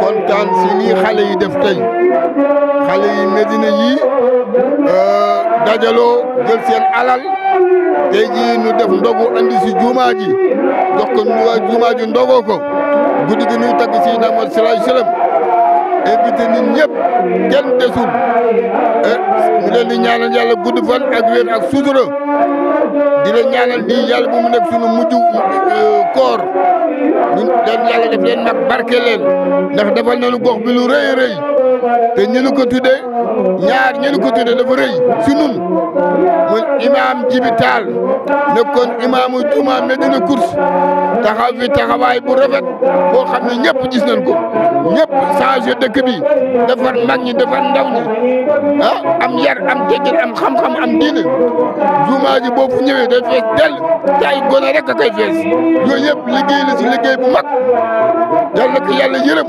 kontaan si nii xale yi def tey xale yi Médina yii euh, dajaloo jël seen alal tey jii ñu def ndogu andi si juumaa ji jox nu waa juumaa ji ndogoo ko gi ñuy tagg si Naam salaay salaam invité nit ñëpp kenn desul euh, ñu leen di ñaanal yàlla gudd fan ak wér ak sutura di la ñaanal bii yàlla bu mu nekk suñu mujj euh, koor ñun dañ yàlla def leen nag barke leen ndax defal nañu gox bi lu rëy rëy te ñu nu ko tuddee ñaar ñu nu ko tuddee dafa rëy si nun muy imaam Jibi Taal nekkoon imaamu juma Medina Course taxaw fi taxawaay bu rafet boo xam ne ñëpp gis nañ ko ñëpp changé dëkk bi defar mag ñi defar ndaw ñi ah am yar am teggin am xam-xam am diine juma ji bu ñëwee day fees dell te ay gone rek a koy fees yooyu yëpp liggéey la si liggéey bu mag yàlla ko yàlla yërëm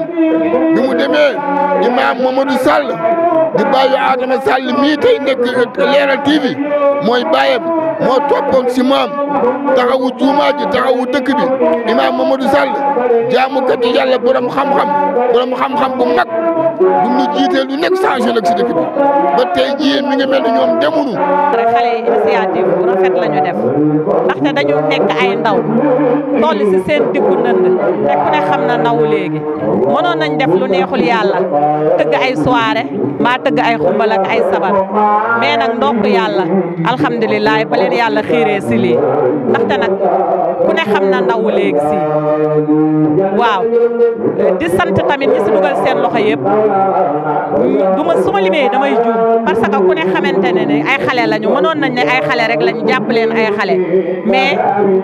bi mu demee di maam Mamadou Sall di bàyyi Adama Sall mii tey nekk Leral TV mooy bàyyam moo toppoon si maam taxawu juumaa ji taxawu dëkk bi imaam Mamadou Sall jaamukati yàlla borom xam-xam borom xam-xam bu mag bu ñu jiitee lu nekk changé nag si dëkk bi ba tey jii mi ngi mel ñoom demunu rek la ñu def ndaxte dañu nekk ay ndaw toll si seen diggu nënd te ku ne xam na ndaw léegi mënoon nañ def lu neexul yàlla tëgg ay soirée mbaa tëgg ay xumbal ay sabar mais nag ndokk yàlla alhamdulilah ba yàlla xiiree si lii ndaxte nag ku ne xam na ndaw léegi si waaw di sant tamit ñi si dugal seen loxo yëpp du su ma limee damay juum parce que ku ne xamante ne ne ay xale lañu mënoon nañ ne ay xale rek lañu jàpp jàpp leen ay xale mais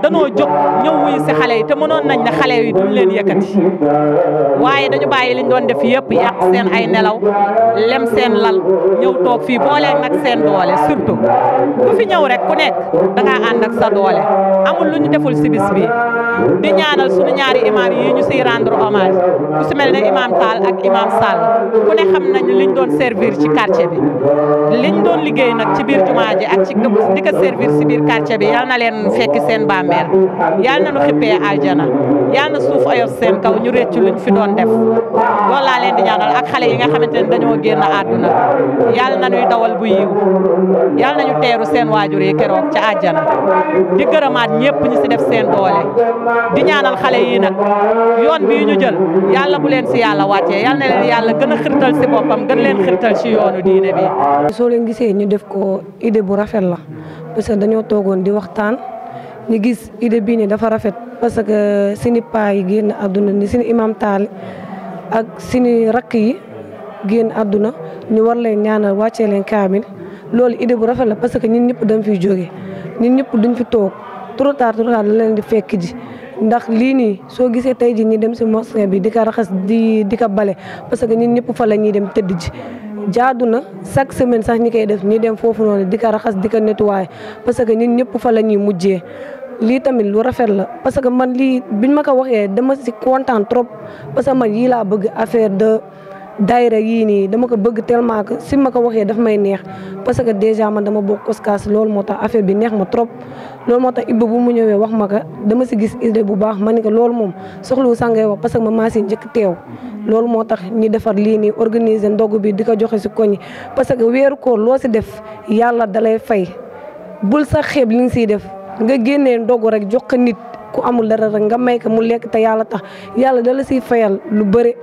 danoo jóg ñëw wuy si xale yi te mënoon nañ ne xale yi duñ leen yëkkati waaye dañu bàyyi liñ doon def yëpp yàq seen ay nelaw lem seen lal ñëw toog fii boolee nag seen doole surtout ku fi ñëw rek ku nekk da ànd ak sa doole amul lu ñu deful si bis bi di ñaanal suñu ñaari imam yi ñu siy rendre hommage ku si mel ne imam Tall ak imam Sall ku ne xam nañu liñ doon servir ci quartier bi liñ doon liggéey nag ci biir jumaa ak ci di biir quartier bi yal na leen fekk seen bàmmeel yal na nu xippee aljana yal na suuf ayof seen kaw ñu réccu luñ fi doon def loolu laa leen di ñaanal ak xale yi nga xamante ne dañoo génn àdduna yal na nuy dawal bu yiw yal nañu teeru seen waajur yi keroog ca aljana di gërëmaat ñëpp ñu si def seen doole di ñaanal xale yi nag yoon bii ñu jël yàlla bu leen si yàlla wàccee yal leen yàlla gën a xirtal si boppam gën leen xirtal si yoonu diine bi soo leen ñu def ko bu rafet la parce dañoo toogoon di waxtaan ñu gis idée bii nii dafa rafet parce que suñu paa yi génn àdduna ni suñu imam taal ak suñu rakk yi génn àdduna ñu war leen ñaanal wàccee leen kaamil loolu idée bu rafet la parce que ñun ñëpp dañ fiy jóge ñun ñëpp duñ fi toog trop tard trop la leen di fekk ji ndax lii nii soo gisee tey ji ñi dem si mosquée bi di ko raxas di di ko bale parce que ñun ñëpp fa la ñuy dem tëdd ji jaadu na chaque semaine sax ñi koy def ñu dem foofu noonu di ko raxas di ko nettoyer parce que ñun ñëpp fa la ñuy mujjee. lii tamit lu rafet la parce que man lii biñ ma ko waxee dama si kontaan trop parce que man yii laa bëgg affaire de. daayira yii nii dama ko bëgg tellement que si ma ko waxee daf may neex parce que déjà man dama bokk Coskas loolu moo tax affaire bi neex ma trop. loolu moo tax Ibou bu mu ñëwee wax ma ko dama si gis idée bu baax ma ne ko loolu moom soxlawu sanga ngay wax que ma maa si njëkk teew. loolu moo tax ñi defar lii nii organiser ndog bi di ko joxe si koñ parce que weeru koor loo si def yàlla dalay fay bul sax xeeb li nga siy def nga génnee ndog rek jox ko nit. ku amul dara rek nga may ko mu lekk te yàlla tax yàlla dala siy fayal lu bëri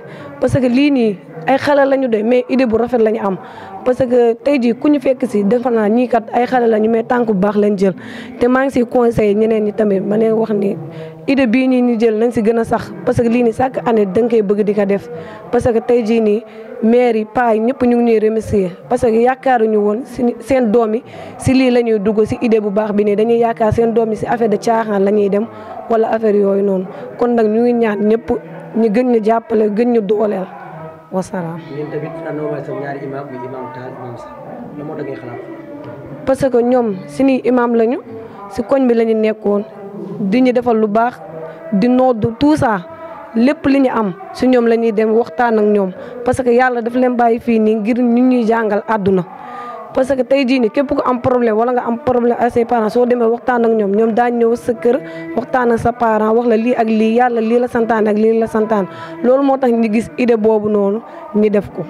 ay xale lañu de mais idée bu rafet lañu am parce que tey ji ku ñu fekk si defe naa ñii kat ay xale lañu mais tànk bu baax lañ jël te maa ngi si conseillé ñeneen ñi tamit ma leen wax ni idée bii nii ñu jël nañ si gën a sax parce que lii ni chaque année da nga bëgg di ko def parce que tey jii nii maire yi ñëpp ñu ngi ñuy remercier parce que yaakaaruñu woon si seen doom yi si lii la ñuy dugg si idée bu baax bi nii dañuy yaakaar seen doom yi si affaire de caaxaan la ñuy dem wala affaire yooyu noonu kon nag ñu ngi ñaan ñëpp ñu gën ñu jàppale gën ñu dooleel wa salaam. ñun tamit dañoo may parce que ñoom suñuy imaam lañu si koñ bi lañu nekkoon di ñu defal lu baax di noodu tout ça lépp li ñu am si ñoom la ñuy dem waxtaan ak ñoom parce que yàlla def leen bàyyi fii nii ngir ñu ñuy jàngal àdduna. parce que tey jii nii képp ku am problème wala nga am problème ak say parents soo demee waxtaan ak ñoom ñoom daañu ñëw sa kër waxtaan ak sa parent wax la lii ak lii yàlla lii la santaan ak lii la santaan loolu moo tax ñu gis idée boobu noonu ñu def ko.